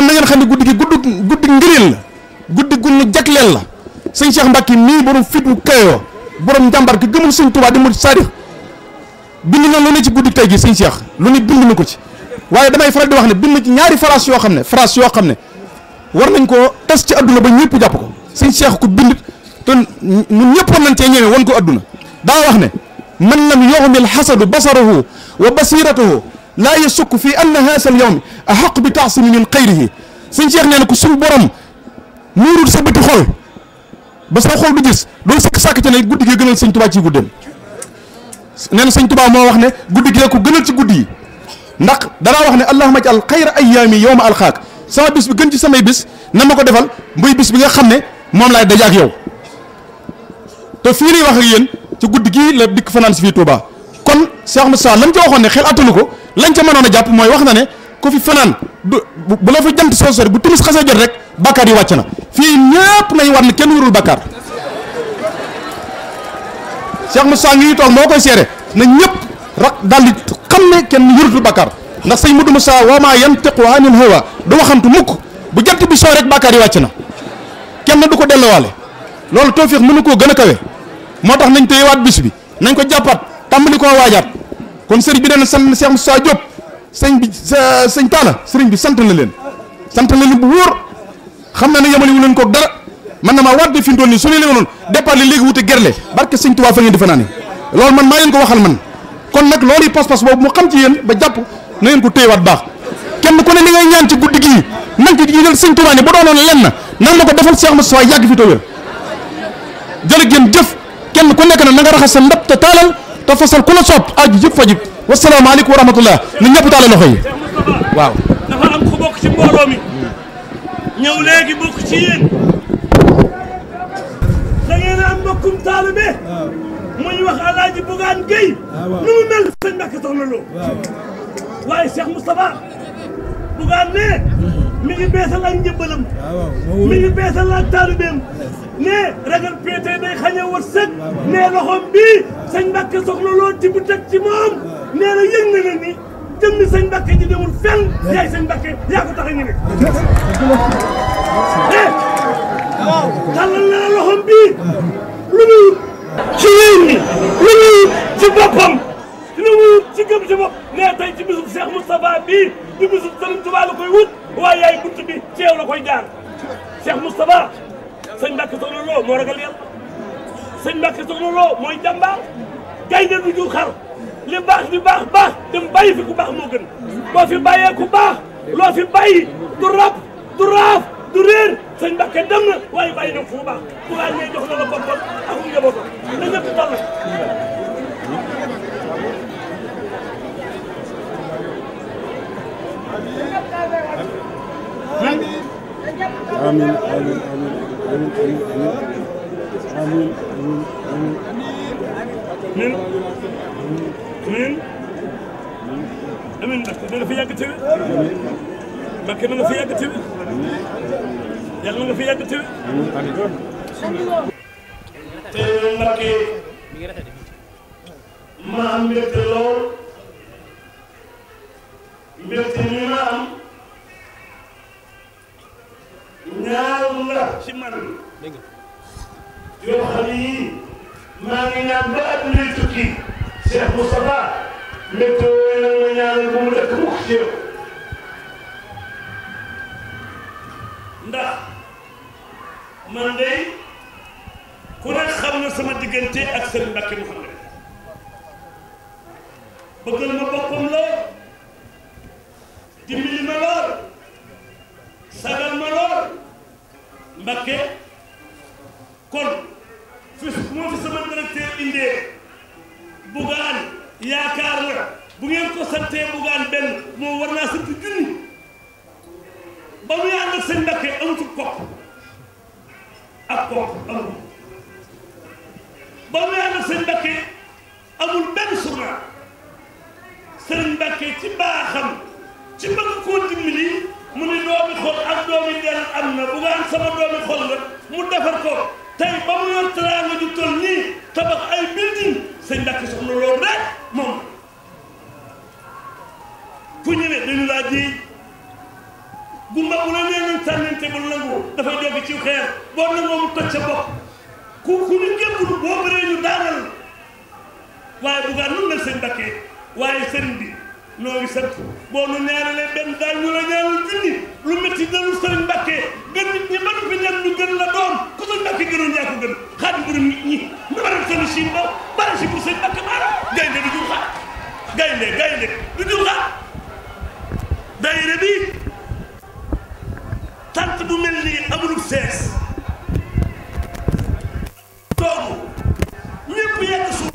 kon na ngeen xamni ne guddi gi gudd guddi ngëneel la guddi gu ñu jaklel la seigne Cheikh Mbacke mi borom fitlu kayo borom jambar ki gëmul seigne touba di mu sadiq bind na lu ne ci guddi tay gi seigne Cheikh lu ne bind na ko ci waye damay faral di wax ne bind na ci ñaari phrase yo xamne phrase yo xamne war nañ ko test ci aduna ba ñepp japp ko seigne Cheikh ku bind te ñu ñepp nañ cee ñëwee ko aduna da wax ne man lam yuhmil xasadu basaruhu wa basiratuhu لا يشك في ان هذا اليوم احق بتعصم من غيره سن شيخ نانكو سن بروم نورو سبت خول با سن خول دو جيس دو سك ساكتي ناي غودي غنال سن توبا تي غودن نانا سن توبا مو واخني غودي غيكو غنال تي غودي ناق دا لا واخني اللهم اجعل خير ايامي يوم الخاك سما بيس بي گنتي سماي بيس نماكو ديفال موي بيس بيغا خامني موم لاي داجاك يو تو فيلي واخ يين تي غودي لا ديك فنانس في توبا كون شيخ مصطفى لام تي واخوني خيل اتونوكو lañ ca mënoon a jàpp mooy wax na ne ku fi fanaan bu la fi jant soo sori bu timis xasee jot rek bàkkaar yi wàcc na fii ñëpp nañu war ne kenn warul bàkkaar Cheikh Moussa ngi toog moo koy seere na ñëpp ra daal di xam ne kenn warutul bàkkaar ndax sëñ Modou Moussa wa maa yantiqu anil hawa du waxantu mukk bu jant bi soo rek bàkkaar yi wàcc na kenn du ko delluwaale loolu tawfiix mënu koo gën a kawe moo tax nañ téyewaat bis bi nañ ko jàppaat tàmbali koo waajaat kon serigne bi dana sam Cheikh Moussa Diop serigne bi sëñ Talla sëriñ bi sant na len sant na len bu wor xamna na ne yemale wu leen ko dara man na ma waat fi mu toll nii su depart li léegi wute gerle barke serigne touba fa ngeen defana ni lol man ma len ko waxal man kon nak loolu pass pass bobu mu xam ci yeen ba japp na ngeen ko téyewaat bax kenn ko ne li ngay ñaan ci guddi gii nan ko jiital serigne touba ni bu doonoon lenn nan la ko defal Cheikh Moussa yàgg fi tawér jël ngeen def kenn ku nek na nga raxa sa ndab te taalal te fasal ku la soob aaju yëpp fajib wasalaamaaleykum wa rahmatullah ni ñëpp taale loxo yi waaw. dafa am ku bokk ci mbooloo mi. ñëw léegi bokk ci yéen. da ngeen am mbokkum taalibe muy wax alaaji Bougane Gueye nu mu mel sëñ Mbacke soxna Lo waaye Cheikh Moustapha Bougane ne mi ngi beesal ak njëbbalam mi ngi beesal ak taalibeem ne ragal péete day xañe wërsëg ne loxoom bii sëñ Mbàkke soxla loo tibb teg ci moom nee na yëg na ni jëmmi sëñ Mbàkke ji demul fenn yaay sëñ Mbàkke yaa ko tax a ngi ne waaw tàllal loxom bii lu muy wut ci réew lu muy wut ci boppam lu muy wut ci gëm ci nee tey ci bisub Cheikh Moustapha bii di bisub Sëriñ Tuubaa la koy wut waaye yaay bunt bi ceew la koy jaar Cheikh Moustapha sëñ Mbàkke soxla loo moo ragal yàlla sëñ Mbacke soxna loo mooy jàmbaar gaynde du ju xar li baax di baax baax dem bàyyi fi ku baax moo gën fi bàyyee ku baax loo fi bàyyi du rab du raaf du réer sëñ Mbacke dem na waaye bàyyi na fu baax ku baax ngay jox na la boppam ak mu njabootam na ñëpp toll amiin آمين آمين آمين آمين آمين Mbacké na nga fi yàgg tëwé Mbacké na nga fi yàgg tëwé yàlla na nga fi yàgg tëwé te Mbacké ma am mbégte lool mbégte mi ma am ñaar la ci man yoo xam ne yii maa ngi ñaan ba at mi tukki Cheikh Moustapha météo yi nag ma ñaanal bu mu dëkk mukk ci ndax man day ku nekk xam na sama diggante ak Serigne Mbacké Mouhamed bëggal ma boppam lool dimbali ma lool sagal ma lool Mbacké kon fi moo fi sama directeur indee bugaan yaakaar na bu ngeen ko santee bugaan benn moom war naa sant junni ba mu ànd ak sëñ Mbakke amutu kopp ak kopp amul ba mu ànd ak sëñ Mbakke amul benn journal ci baaxam ci bëgg koo dimbali mu ni doomi xol ak doomi del am na bugaan sama doomi xol mu defar ko tey ba mu yor teraanga ju toll nii tabax ay building sëñ Mbàkke soxna loolu rek moom ku ñëwee dañu laa ji bu mba bu la nee nañ sànnante bu nangu dafay jóge ci xeer boo nangoo mu toj sa bopp ku ku ñu gémbul boo bëree ñu daanal waaye bu gaa nun nag waaye sëriñ bi noo ngi boo nu ñaanalee benn daal ñu la ñaanal junni lu métti dalu sëriñ Mbàkke دايره بي تانت بو ملني امولو سيس تومو نيب يك سوف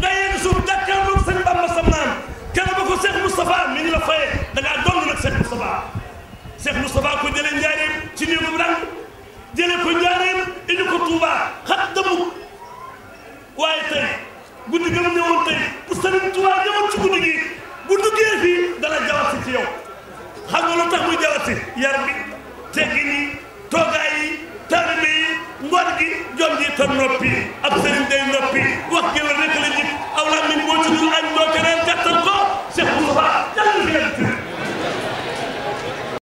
دا يك سوف دا كان لو سن بام سمان كان بكو شيخ مصطفى من لا فاي دا لا دون نك شيخ مصطفى شيخ مصطفى كو ديلن جاريم تي نيب بران ديلن كو جاريم اني كو توبا خدمو واي تاي غوندي xam nga lu tax muy jawati yar bi teggi ni toogaay yi tarbi noppi